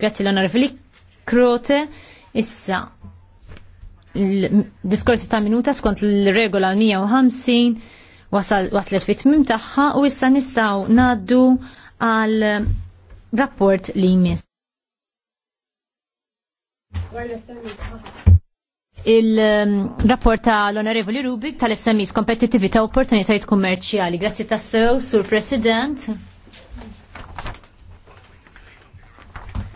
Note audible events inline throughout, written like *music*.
Grazzi l Fili Krote. Issa, l-diskorsi ta' minuta skont l-regola 150 waslet fit mim tagħha u issa nistgħu ngħaddu għal rapport li jmiss. Il-rapport ta' l-Onorevoli Rubik tal-SMIs kompetitivita u opportunitajiet kummerċjali. Grazzi tassew, Sur President.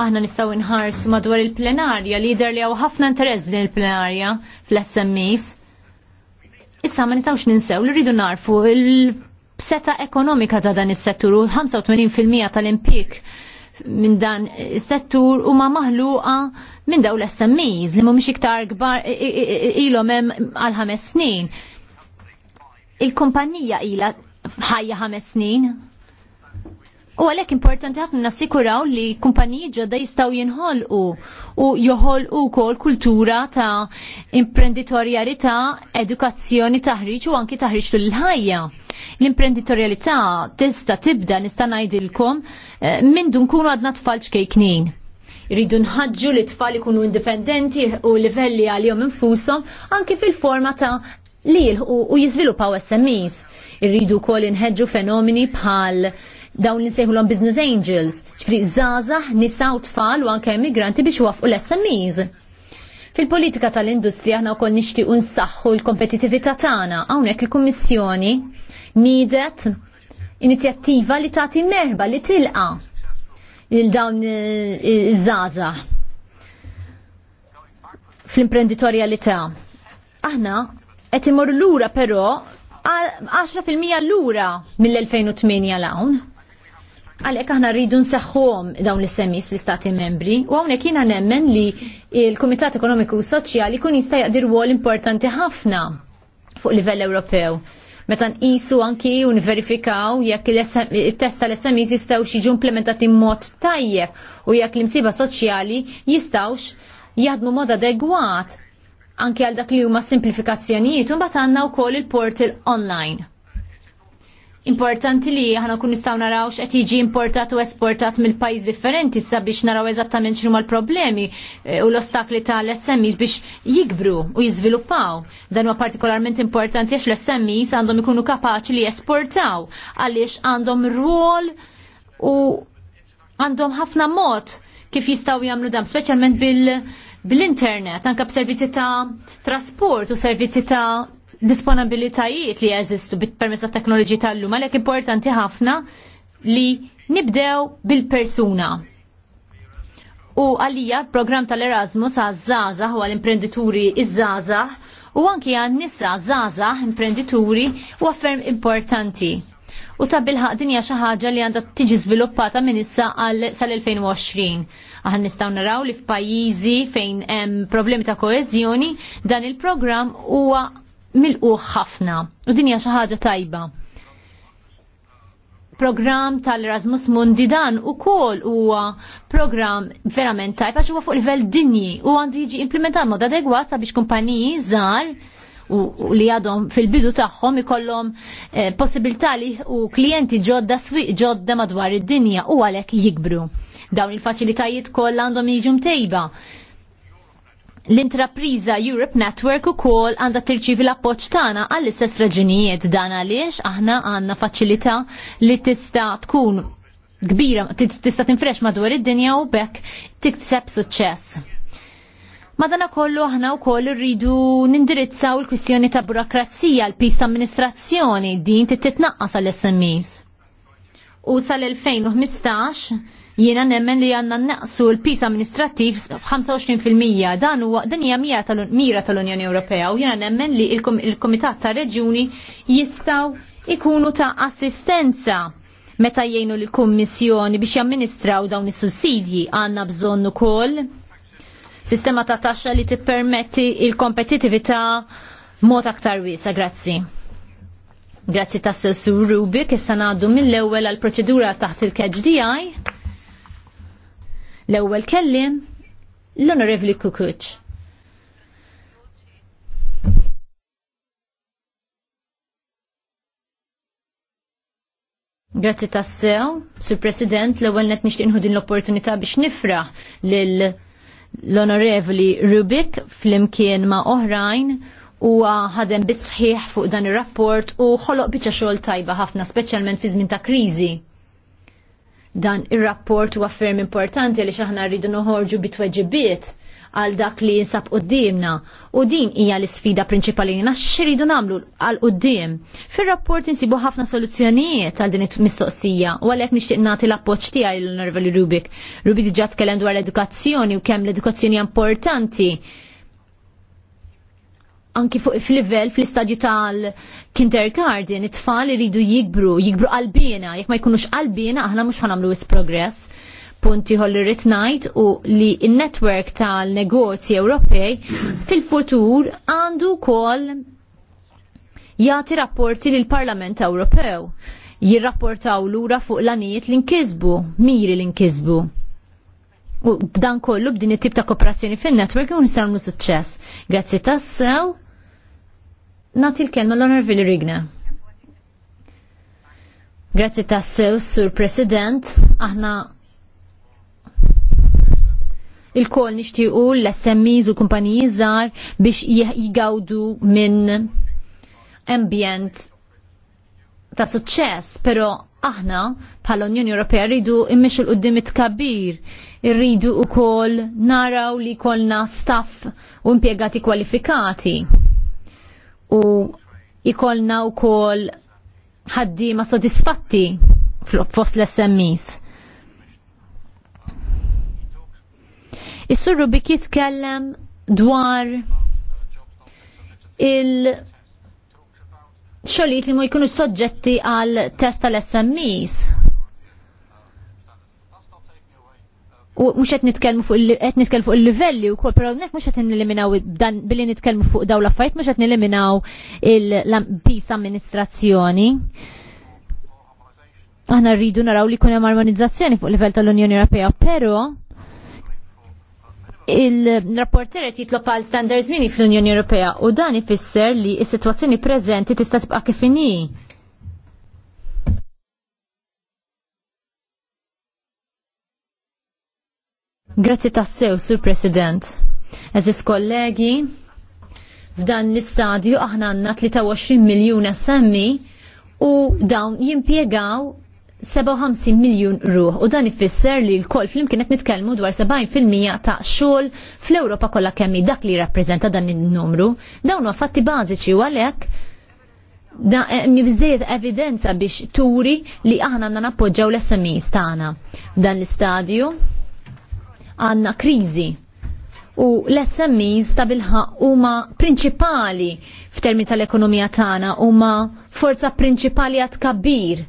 aħna nistgħu nħarsu madwar il-plenarja li jidher li hawn ħafna interess din il-plenarja fl-SMEs. Issa ma nistgħux ninsew li rridu narfu il-seta ekonomika ta' dan is-settur u 85% tal-impik minn dan is settur u ma maħluqa minn daw l-SMEs li mhumiex iktar kbar ilhom hemm għal ħames snin. Il-kumpanija ilha ħajja ħames snin U għalek importanti ħafna nassikuraw li kumpaniji ġodda jistaw jinħolqu u joħolqu kol kultura ta' imprenditorjalità, edukazzjoni, taħriġ u anki taħriġ l-ħajja. L-imprenditorjalità tista' tibda nista' ngħidilkom eh, minn dun kunu għadna tfal ċkejknin. Rridu nħadġu li tfal ikunu indipendenti u livelli għalihom infushom anki fil-forma ta' li u jizvilupaw SMEs. Irridu kol inħedġu fenomeni bħal dawn li nsejħulhom business angels, ġifri zaza, nisa u tfal u anke immigranti biex wafqu l-SMEs. Fil-politika tal-industrija aħna wkoll nixtiequ nsaħħu l-kompetitività tagħna hawnhekk il-Kummissjoni nidet inizjattiva li tagħti merba li tilqa' il dawn eh, iż-żaza fl-imprenditorjalità. Aħna qed imorru lura però 10% lura mill-2008 l-hawn għalhekk aħna rridu nseħħom dawn l-semmis l-istati membri u hawnhekk jiena nemmen li l-Kumitat Ekonomiku Soċjali kun jista' jaqdir wol importanti ħafna fuq livell Ewropew. Meta nqisu anki u nverifikaw jekk il test tal smis jistgħu jiġu implementati mod tajjeb u jekk l-imsiba soċjali jistgħux jaħdmu mod adegwat anke għal dak li huma simplifikazzjonijiet u mbagħad għandna wkoll il-portal online importanti li ħana kun nistaw naraw x'qed jiġi importat u esportat mill-pajjiż differenti sabiex naraw eżattament x'huma l-problemi eh, u l-ostakli tal-SMEs biex jikbru u jiżviluppaw. Dan huwa partikolarment importanti għax l-SMEs għandhom ikunu kapaċi li jesportaw għaliex għandhom rwol u għandhom ħafna mod kif jistaw jagħmlu dam, speċjalment bil-internet, bil anke b'servizzi ta' trasport u servizzi ta' disponabilitajiet li jeżistu bit-permess ta' teknoloġi tal-lum, għalhekk importanti ħafna li nibdew bil-persuna. U għalija program tal-Erasmus Zaza, u għal-imprendituri iż zaza u anki għan-nisa zaza imprendituri u afferm importanti. U ta' bilħaq dinja xi ħaġa li għandha tiġi żviluppata minn issa sal-2020. Aħna nistgħu naraw li f'pajjiżi fejn hemm problemi ta' koeżjoni dan il-programm huwa Milqu ħafna u dinja xi ħaġa tajba. Program tal-Erasmus Mundi dan u kol huwa program verament tajba huwa fuq livell dinji u għandu jiġi implementat mod adegwat sabiex kumpaniji żgħar u li għadhom fil-bidu tagħhom ikollhom eh, possibilità li u klijenti ġodda swieq ġodda madwar id-dinja u għalhekk jikbru. Dawn il-faċilitajiet kollha għandhom jiġu mtejba l-intrapriża Europe Network ukoll għandha tirċivi l-appoġġ tagħna għall-istess raġunijiet dan għaliex aħna għandna faċilità li tista' tkun kbira, tista' tinfresh madwar id-dinja u bekk tikseb suċċess. Madana kollu aħna u koll rridu nindirizzaw il-kwistjoni ta' burokrazija l pista ta' amministrazzjoni din titnaqqas għall-SMEs. U sal-2015 Jiena nemmen li għandna naqsu l-pis amministrattiv 25% dan huwa dan hija mira tal-Unjoni Ewropea u jiena nemmen li il-Kumitat ta' Reġjuni jistgħu ikunu ta' assistenza meta jgħinu l-Kummissjoni biex jamministraw dawn is-sussidji għandna bżonn ukoll sistema ta' taxxa li tippermetti il-kompetitività mod aktar wiesa, grazzi. Grazzi ta' Sessur Rubik, issa ngħaddu mill-ewwel għall proċedura taħt il kgdi L-ewwel kellim l-Onorevli Kukuċ. Grazzi tassew, Sur President, l-ewwel net nixtieq nħu din l-opportunità biex nifra lil l-Onorevli Rubik fl-imkien ma' oħrajn huwa ħadem bisħiħ fuq dan ir-rapport u ħoloq biċċa xogħol tajba ħafna speċjalment fi żmien ta' kriżi. Dan ir-rapport huwa ferm importanti li xaħna rridu noħorġu bitweġibiet għal dak li jinsab qoddimna u din hija l-isfida prinċipali li xiridu namlu għal qoddim. Fir-rapport insibu ħafna soluzzjonijiet għal din it-mistoqsija u għalhekk nixtieq nagħti l-appoġġ tiegħi l Rubik. Rubik diġà tkellem dwar l-edukazzjoni u kemm l-edukazzjoni importanti anki fuq fil-level fl-istadju tal-kindergarten, it-tfal iridu jikbru, jikbru qalbina, jekk ma jkunux qalbina, aħna mhux ħanamlu is progress. Punti ħolli rrit ngħid u li n-netwerk tal-negozji Ewropej fil-futur għandu wkoll jagħti rapporti lill parlament Ewropew jirrapportaw lura fuq l-anijiet li nkisbu, miri li nkisbu. U b'dan kollu b'din it-tip ta' kooperazzjoni fin-network u nistgħu suċċess. Grazzi tassew Nati l-kelma l-Onorville Rigna. Grazzi tassew, Sur President, aħna il-kol nishtiqu l-SMEs u kumpaniji żgħar biex jigawdu minn ambjent ta' suċċess, però aħna bħala Unjoni Ewropea rridu immiex l qudiem it-kabir, irridu wkoll naraw li jkollna staff u impjegati kwalifikati u ikolna u kol ħaddi ma sodisfatti fost l-SMEs. Is-surru bik jitkellem dwar il- xoliet li mu jkunu soġġetti għal test tal-SMEs u mhux qed nitkellmu fuq qed nitkellmu fuq il-livelli wkoll però hawnhekk mhux qed nilliminaw dan billi nitkellmu fuq dawn l'affajt mux mhux qed nilliminaw il-pis amministrazzjoni. Aħna rridu naraw li jkun hemm armonizzazzjoni fuq livell tal-Unjoni Ewropea, però il-rapporter qed jitlob għal standards mini fl-Unjoni Ewropea u dan ifisser li s-sitwazzjoni preżenti tista' tibqa' kif inhi Grazzi tassew, Sur President. Eżis kollegi, f'dan l-istadju aħna għanna 23 miljun semmi u dawn jimpiegaw 57 miljun ruħ u dan ifisser li l-koll flimkien qed nitkellmu dwar 70% ta' xogħol fl-Ewropa kollha kemmi dak li jirrappreżenta dan in-numru. Dawn huwa fatti bażiċi u għalhekk da nibżejjed eh, evidenza biex turi li aħna għandna nappoġġaw l-SMEs tagħna. Dan l-istadju għandna kriżi u l-SMEs ta' bilħaq huma prinċipali f'termi tal-ekonomija tagħna huma forza prinċipali għad kabbir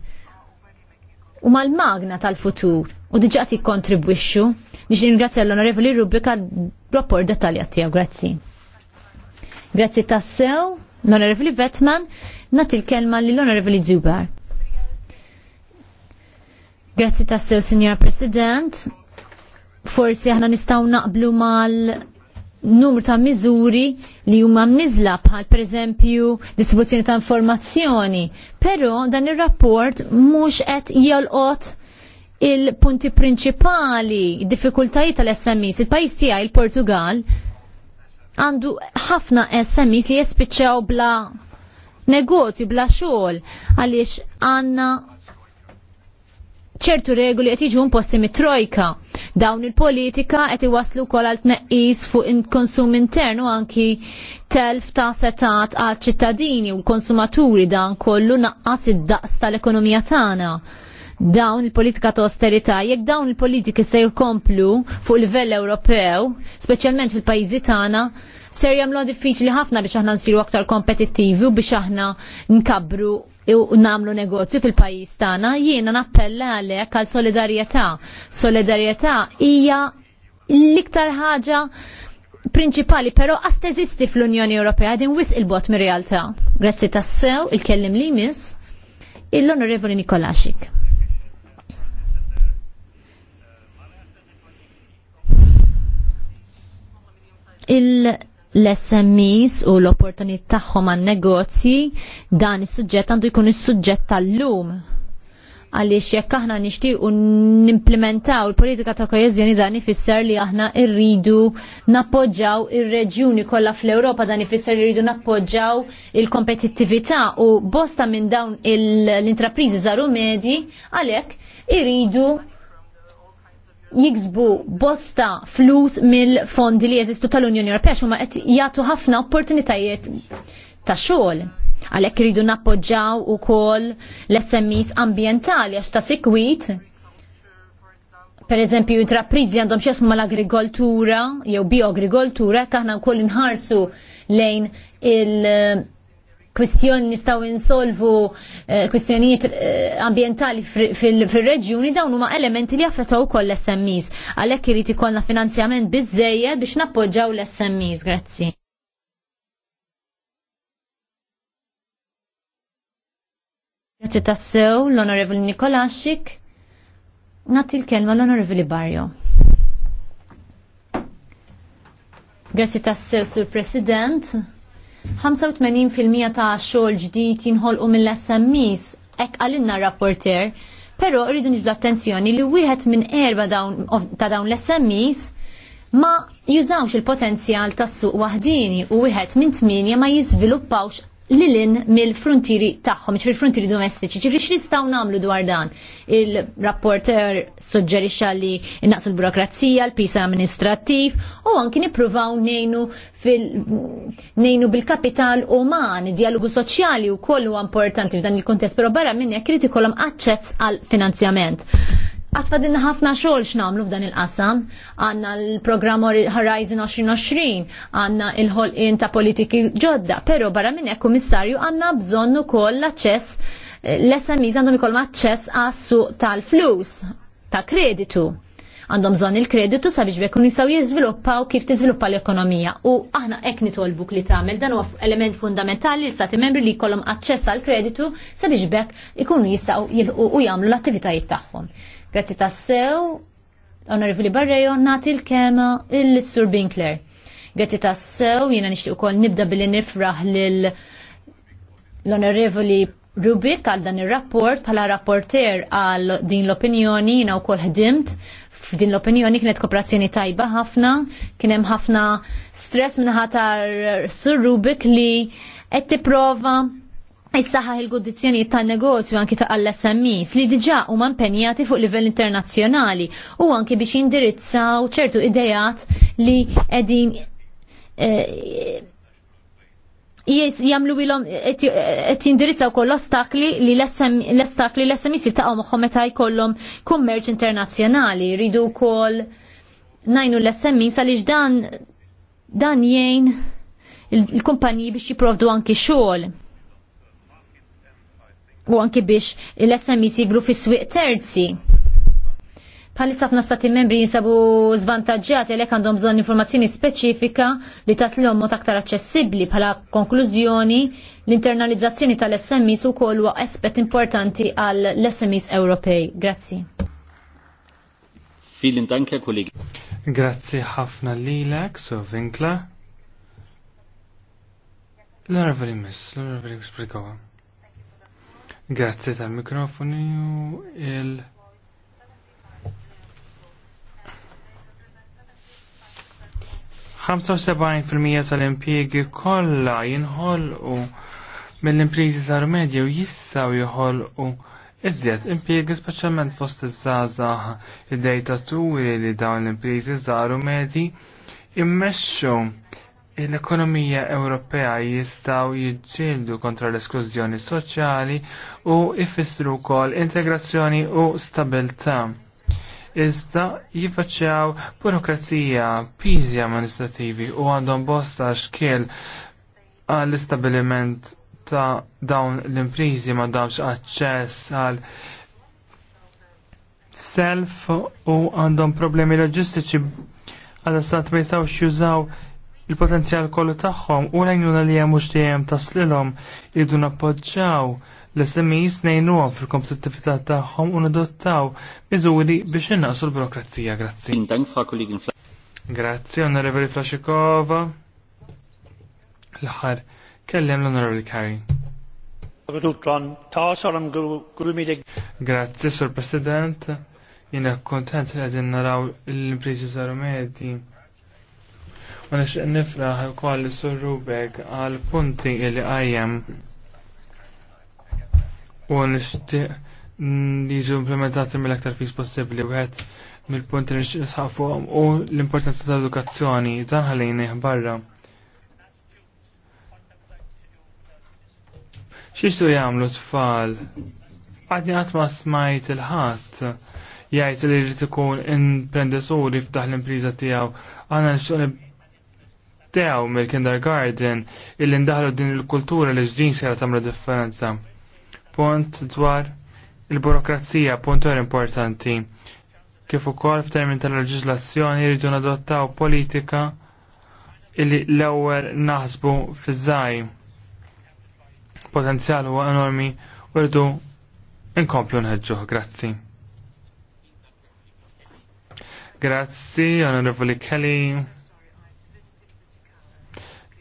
u mal-magna tal-futur u diġa ti kontribwixxu biex ringrazzja l-Onorevoli Rubika rapport dettaljat tiegħu grazzi. Grazzi tassew l-Onorevoli Vetman nagħti l-kelma lill onorevoli Zubar. Grazzi tassew, Signora President, forsi aħna nistgħu naqblu mal numru ta' miżuri li huma mniżla bħal pereżempju distribuzzjoni ta' informazzjoni. Però dan ir-rapport mhux qed jolqot il-punti prinċipali, id-diffikultajiet tal-SMEs. Il-pajjiż tiegħi il-Portugal għandu ħafna SMEs li jespiċċaw bla negozju, bla xogħol għaliex għandna ċertu regoli qed jiġu imposti mit-trojka. Dawn il-politika qed iwaslu wkoll għal tneqqis fuq il-konsum internu anki telf ta' setat għal ċittadini u konsumaturi dan kollu naqqas id-daqs tal-ekonomija tagħna dawn il-politika ta' austerità, jekk dawn il-politiki se jkomplu fuq livell Ewropew, speċjalment fil-pajjiżi tagħna, ser jagħmlu diffiċli ħafna biex aħna nsiru aktar kompetittivi u biex aħna nkabru u namlu negozju fil-pajis tagħna, jiena nappella għalhekk għal solidarieta. Solidarieta hija l-iktar ħaġa prinċipali, però għas fl-Unjoni Ewropea din wis il-bot mir realtà Grazzi tassew, il-kellim li miss, l-Onorevoli Nikolaxik. il l-SMEs u l-opportunit tagħhom għan negozji dan is-suġġett għandu jkun is-suġġett tal-lum. Għaliex jekk aħna nixtiequ nimplementaw il-politika ta' kojeżjoni dan ifisser li aħna rridu nappoġġaw ir-reġjuni kollha fl-Ewropa dan ifisser li rridu nappoġġaw il-kompetittività u bosta minn dawn l-intrapriżi żaru medji għalhekk irridu jiksbu bosta flus mill-fondi li jeżistu tal-Unjoni Ewropea xumma qed jagħtu ħafna opportunitajiet ta' xogħol. Għalhekk iridu nappoġġaw ukoll l-SMEs ambjentali għax ta' sikwit per eżempju intrapriż li għandhom xesma l-agrikoltura jew bioagrikoltura taħna wkoll inħarsu lejn il- kwistjoni nistaw insolvu eh, kwistjonijiet eh, ambientali fil-reġjuni dawn huma elementi li jaffetaw ukoll l-SMEs. Għalhekk irid ikollna finanzjament biżejjed biex nappoġġaw l-SMEs. Grazzi. Grazzi tassew l-Onorevoli Nikolaxik. Nati l-kelma l-Onorevoli Barrio. Grazzi tassew, Sur President. 85% ta' xogħol ġdid jinħolqu mill-SMEs, hekk għalinna rapporter, però rridu nġbdu attenzjoni li wieħed minn erba ta' dawn l-SMEs ma jużawx il-potenzjal tas-suq waħdini u wieħed minn tminja ma jiżviluppawx lilin mill-frontieri tagħhom, ċifri frontieri domestiċi, ċifri x'nistgħu nagħmlu dwar dan. Il-rapporter suġġerixxa li naqsu l-burokrazija, l-pisa amministrattiv u anki nippruvaw nejnu fil nejnu bil-kapital uman, dialogu soċjali u kollu importanti f'dan il-kontest, però barra minn hekk irid ikollhom aċċess għal finanzjament għatfadilna ħafna xogħol x'namlu f'dan il-qasam. Għandna l-programm Horizon 2020, għandna il-ħolqien ta' politiki ġodda, però barra minn hekk kummissarju għandna bżonn ukoll l-aċċess l smis għandhom ikollhom aċċess għas-suq tal-flus, ta' kreditu għandhom bżonn il-kreditu sabiex bekun jistgħu jiżviluppaw kif tiżviluppa l-ekonomija. U aħna hekk nitolbuk li tagħmel dan huwa element fundamentali li sati membri li jkollhom aċċess għall kreditu sabiex bekk ikunu jistgħu jilħu u jagħmlu l-attivitajiet tagħhom. Grazzi tassew, onorevoli Barrejo, nati l-kema il-Sur Binkler. Grazzi tassew, jena nishtiq ukoll nibda billi nifraħ lil l-onorevoli Rubik għal dan il-rapport bħala rapporter għal din l-opinjoni jina u kol ħdimt f'din l-opinjoni kienet kooperazzjoni tajba ħafna, kienem ħafna stress għal Sur Rubik li qed tipprova Issaħħaħ il-kondizzjonijiet tan negozju anki ta' għall-SMEs li diġà huma impenjati fuq livell internazzjonali u anki biex jindirizzaw ċertu idejat li qegħdin eh, jagħmlu ilhom qed jindirizzaw koll ostakli li l-ostakli l-SMEs ta' magħhom meta jkollhom kummerċ internazzjonali jridu wkoll najnu l-SMEs għaliex dan dan jgħin il-kumpanji biex jipprovdu anki xogħol u anki biex l-SMI siglu fi swiq terzi. Palissa safna stati membri jinsabu zvantagġati għalek għandhom bżon informazzjoni speċifika li taslihom mod aktar aċċessibbli bħala konklużjoni l-internalizzazzjoni tal-SMIs u kol huwa aspett importanti għal l-SMIs Ewropej. Grazzi. Filin danke kollegi. Grazzi ħafna lilek, so vinkla. L-arveri mis, l-arveri miss Grazie tal-mikrofoni u il- fil-mija tal-impjiegi kollha u mill-imprizi tal-medja u jistgħu u iżjed impjiegi specialment fost iż-żgħażagħ id-dejtaturi li dawn l-imprizi zaru u medji immexxu l-ekonomija Ewropea jistaw jiġġieldu kontra l-esklużjoni soċjali u jfissru wkoll integrazzjoni u stabilta. Iżda jiffaċċjaw burokrazija, piżi amministrativi u għandhom bosta xkiel għall-istabiliment ta' dawn l-imprizi ma' dawx aċċess għal self u għandhom problemi loġistiċi għal-assat ma jistawx jużaw il-potenzjal kollu tagħhom u l-għajnuna li hemm mhux dejjem taslilhom jridu nappoġġjaw l-SMEs nejnuhom fil-kompetittività tagħhom u nadottaw miżuri biex innaqsu l-burokrazija. Grazzi. Grazzi, Onorevoli Flaxikova. L-ħar, kellem l-Onorevoli Kari. Grazzi, Sur President. Jina kontent li għedin naraw l-imprezi zaru medji Ma nix nifraħ ukoll sur Rubek għal punti li għajem. U nixtieq li jiġu implementati mill-aktar fis possibbli wieħed mill-punti li nixtieq nisħaq u l-importanza tal-edukazzjoni dan barra. Xistu jgħamlu jagħmlu tfal? Għadni għatma smajt il-ħadd jgħajt li jrid ikun imprenditori ftaħ l-impriża tiegħu għana nixtieq Tew mill-kindergarten illi ndaħlu din il-kultura li ġdin sejra tamra differenza. Punt dwar il-burokrazija, punt għar importanti. Kif ukoll f'termin tal-leġiżlazzjoni jridu nadottaw politika illi l-ewwel naħsbu fiż-żaj. Potenzjal huwa enormi u rridu inkomplu nħeġġuh. Grazzi. Grazzi, onorevoli Kelly.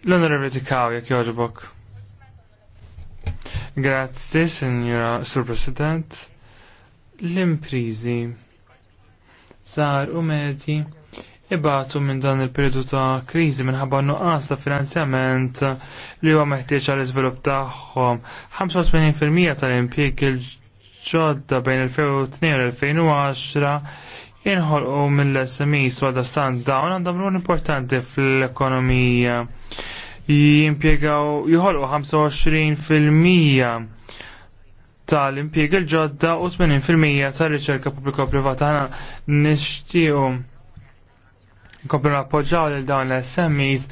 L-Onorevoli Tikaw, jek joġbok. Grazzi, Signora Sur President. L-imprizi sar u medji ibatu minn dan il-periodu ta' kriżi minħabba nuqqas ta' finanzjament li huwa meħtieġ għal iżvilupp tagħhom. 85% tal-impjieg il-ġodda bejn 2002 u 2010 u mill-SMEs u għadastan dawn għandhom rol importanti fl-ekonomija. Jimpiegaw, u 25% tal-impieg il-ġodda u 80% tal-riċerka pubblika u privata ħana nixtiequ nkomplu appoġġaw lil dawn l-SMEs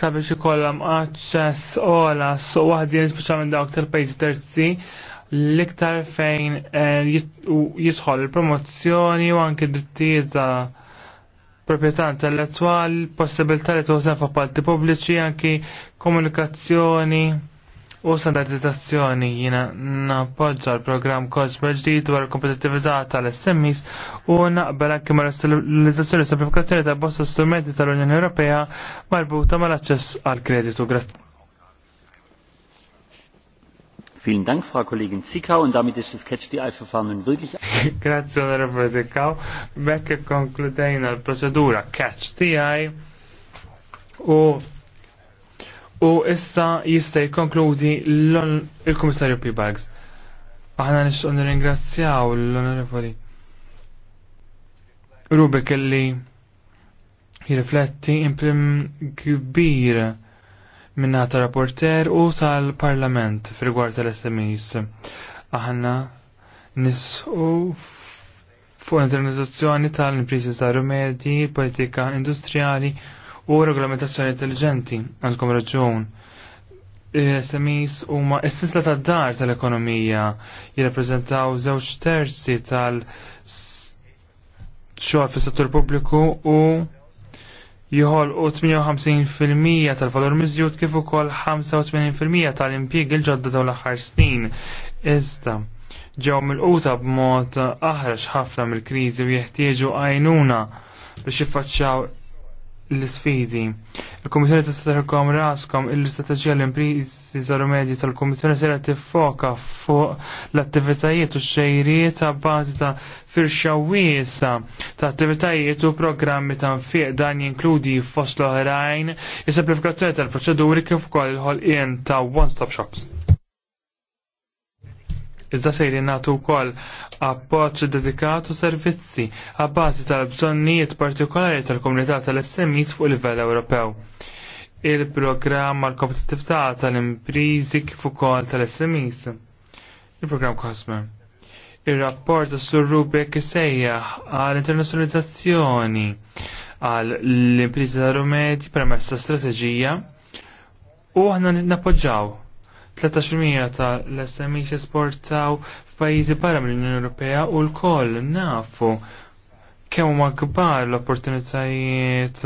sabiex ikollhom aċċess ola suq waħdin speċjalment dawk tal pajzi terzi l-iktar fejn eh, jidħol il-promozzjoni u anke drittijiet ta' proprjetà intellettuali, possibilità li tużen f'appalti pubbliċi anki komunikazzjoni u standardizzazzjoni jina nappoġġa l-programm Cosme ġdid dwar kompetitività tal smis u naqbel anke ma l-istilizzazzjoni semplifikazzjoni ta' bosta strumenti tal-Unjoni Ewropea marbuta mal-aċċess għal kreditu. Grazie. Vielen Dank, Frau Kollegin und damit ist das Catch the Eye-Verfahren wirklich. *laughs* Grazie, onorevole Zickow. konkludejna l-procedura Catch the Eye u u issa jista' jikkonkludi l-Kummissarju Pibags. Aħna nixtieq nirringrazzjaw l-Onorevoli Rubik illi jirrifletti imprim kbir minna ta' rapporter u tal-parlament fil-gwar tal-SMEs. Aħna nisqu fuq l-internizzazzjoni tal imprisi ta' rumedi, politika industrijali u regolamentazzjoni intelligenti għandkom raġun. SMEs huma s-sisla tad dar tal-ekonomija jirrappreżentaw żewġ terzi tal- xogħol fis-settur pubbliku u u 58% tal-valur miżjud kif ukoll 85% tal-impjieg il-ġodda dawn l-aħħar snin. Iżda ġew mill-quta b'mod aħrax ħafna mill-kriżi u jeħtieġu għajnuna biex jiffaċċjaw l-sfidi. Il-Komissjoni tista' tarkom raskom il-istrateġija l impriżi żaru medji tal-Komissjoni se tiffoka fuq l-attivitajiet u xejriet ta' bażi ta' firxa wiesa ta' attivitajiet u programmi ta' nfiq dan jinkludi fost l-oħrajn is simplifikazzjoni tal-proċeduri kif ukoll il-ħolqien ta' one-stop shops iżda sejri nagħtu wkoll appoġġ dedikat u servizzi għabbazi tal-bżonnijiet partikolari tal-komunità tal-SMEs fuq livell Ewropew. Il-programm għal kompetitività tal-imprizi kif ukoll tal-SMEs. Il-programm Cosme. Ir-rapport tas-Sur Rubek isejjaħ għal internazzjonalizzazzjoni għal imprizi tal-rumeti permezz ta' strateġija u aħna nappoġġaw 13% ta' l-SMEs esportaw f'pajjiżi barra mill-Unjoni Ewropea u l-koll nafu kemm huma kbar l-opportunitajiet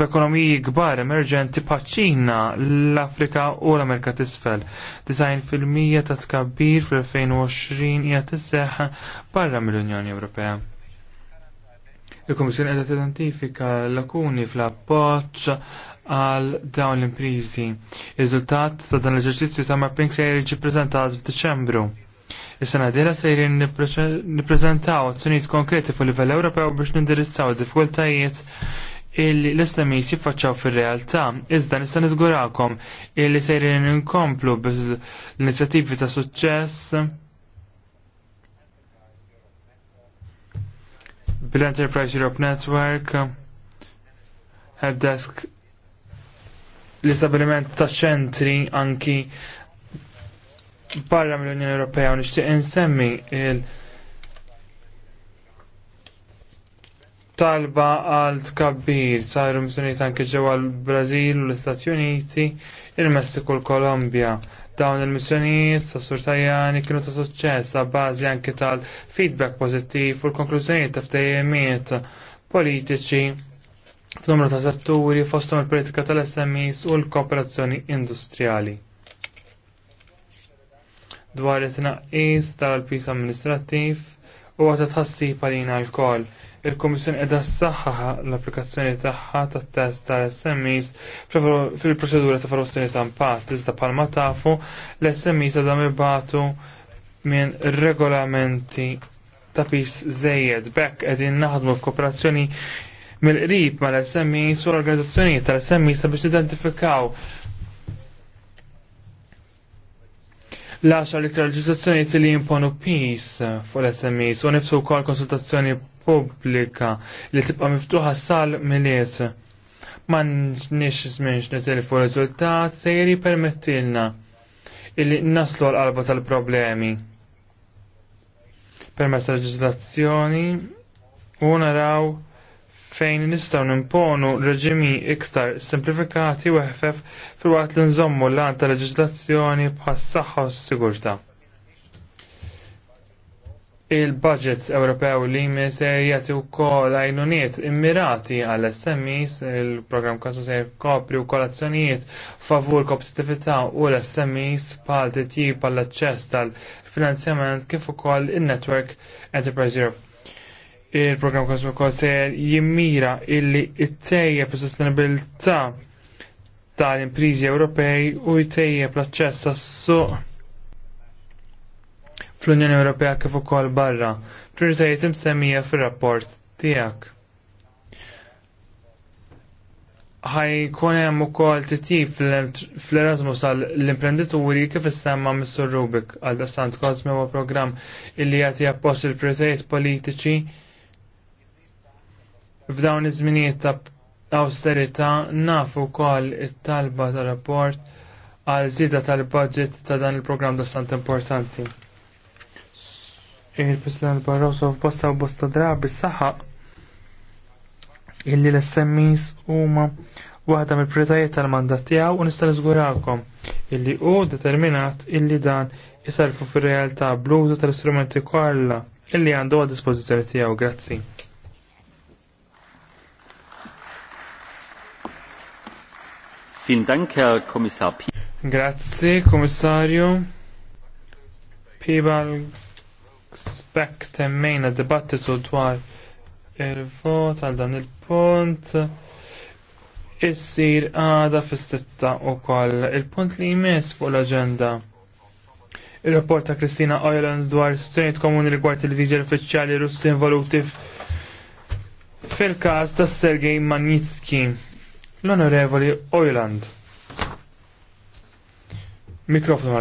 b'ekonomiji kbar emerġenti paċina l-Afrika u l-Amerika t'isfel. 90 fil-mija ta' tkabbir fl-2020 hija tisseħ barra mill-Unjoni Ewropea. Il-Komissjoni qiegħda tidentifika lakuni fl-appoġġ għal dawn l-imprizi. Riżultat ta' dan l-eġerċizzju ta' mapping se jirġi prezentat f'Diċembru. Is-sena dira se jirin nippreżentaw azzjonijiet konkreti fuq livell Ewropew biex nindirizzaw diffikultajiet illi l-Islamis jiffaċċaw fil-realtà, iżda nista' niżgurakom illi se jrin inkomplu bil-inizjattivi ta' suċċess bil-Enterprise Europe Network, Helpdesk l-istabiliment ta' ċentri anki barra mill-Unjoni Ewropea u nixtieq insemmi il talba għal tkabbir saru msunijiet anke ġewwa l-Brażil u l-Istati Uniti, il-Messiku u l-Kolombja. Dawn il-missjonijiet sa' Tajani kienu ta' suċċess sa' bażi anke tal-feedback pożittiv u l-konklużjonijiet ta' ftejjemiet politiċi f'numru ta' setturi fosthom il-politika tal-SMEs u l-kooperazzjoni industrijali. Dwar it-tnaqqis tal-pis amministrattiv u għata tħassib għalina l-kol. Il-Komissjoni edha s-saħħaħa l-applikazzjoni tagħha tat-test tal-SMEs fil-proċedura ta' valutazzjoni ta' impatt iżda palma tafu l-SMEs għadha mibatu minn regolamenti ta' pis żejjed bekk qegħdin naħdmu f'kooperazzjoni mill-qrib mal-SMI e sur e organizzazzjonijiet tal-SMI sabiex identifikaw l-10 l-iktar t li jimponu PIS fuq l-SMI e u nifsu wkoll konsultazzjoni pubblika li tibqa' miftuħa sal milies. Man nix żmienx nitilfu fuq riżultat se permettilna illi naslu għal-qalba tal-problemi. Permess tal-leġislazzjoni u naraw fejn nistgħu nimponu reġimi iktar simplifikati u ħfef filwaqt li nżommu l-għan ta' leġislazzjoni bħas-saħħa u s-sigurtà. Il-budgets Ewropew li jati u wkoll għajnuniet immirati għall smis il program kasu se jkopri u kolazzjoniet favur kompetitività u l-SMEs pal titjib għall aċċess tal-finanzjament kif ukoll in network Enterprise Europe il-program Cosmo Koster jimmira illi it fi sostenibilità tal-imprizi Ewropej u jtejjeb l-aċċess għas-suq fl-Unjoni Ewropea kif ukoll barra. Prioritajiet imsemmija fir-rapport tiegħek. Ħajkun hemm ukoll titjib fl-Erasmus għall imprendituri kif istemma Mr. Rubik għal dastant Kosmewa programm illi jagħti appoġġ il-prioritajiet politiċi F'dawn iż-żminijiet ta' austerità nafu wkoll it-talba tar-rapport għal żieda tal-budget ta' dan il-programm dastant importanti. Il-President Barroso f'bosta u bosta drabi saħaq illi l-SMEs huma waħda mill prizajiet tal-mandat tiegħu u nista' niżgurakom illi hu determinat illi dan isalfu fir-realtà bluża tal-istrumenti kollha illi għandu għad dispożizzjoni tiegħu. Grazzi. Vielen Dank, Herr Kommissar P. Grazie, Kommissario. Pibal spek temmejna dibattitu dwar il-vot għal dan il-punt. Issir għada fis-sitta u koll il-punt li jmiss fuq l-agenda. Il-rapport ta' Kristina Ireland dwar strejt komuni rigward il-viġi uffiċjali russi involuti fil-każ ta' Sergej Magnitsky l-Onorevoli Oiland. Mikrofonu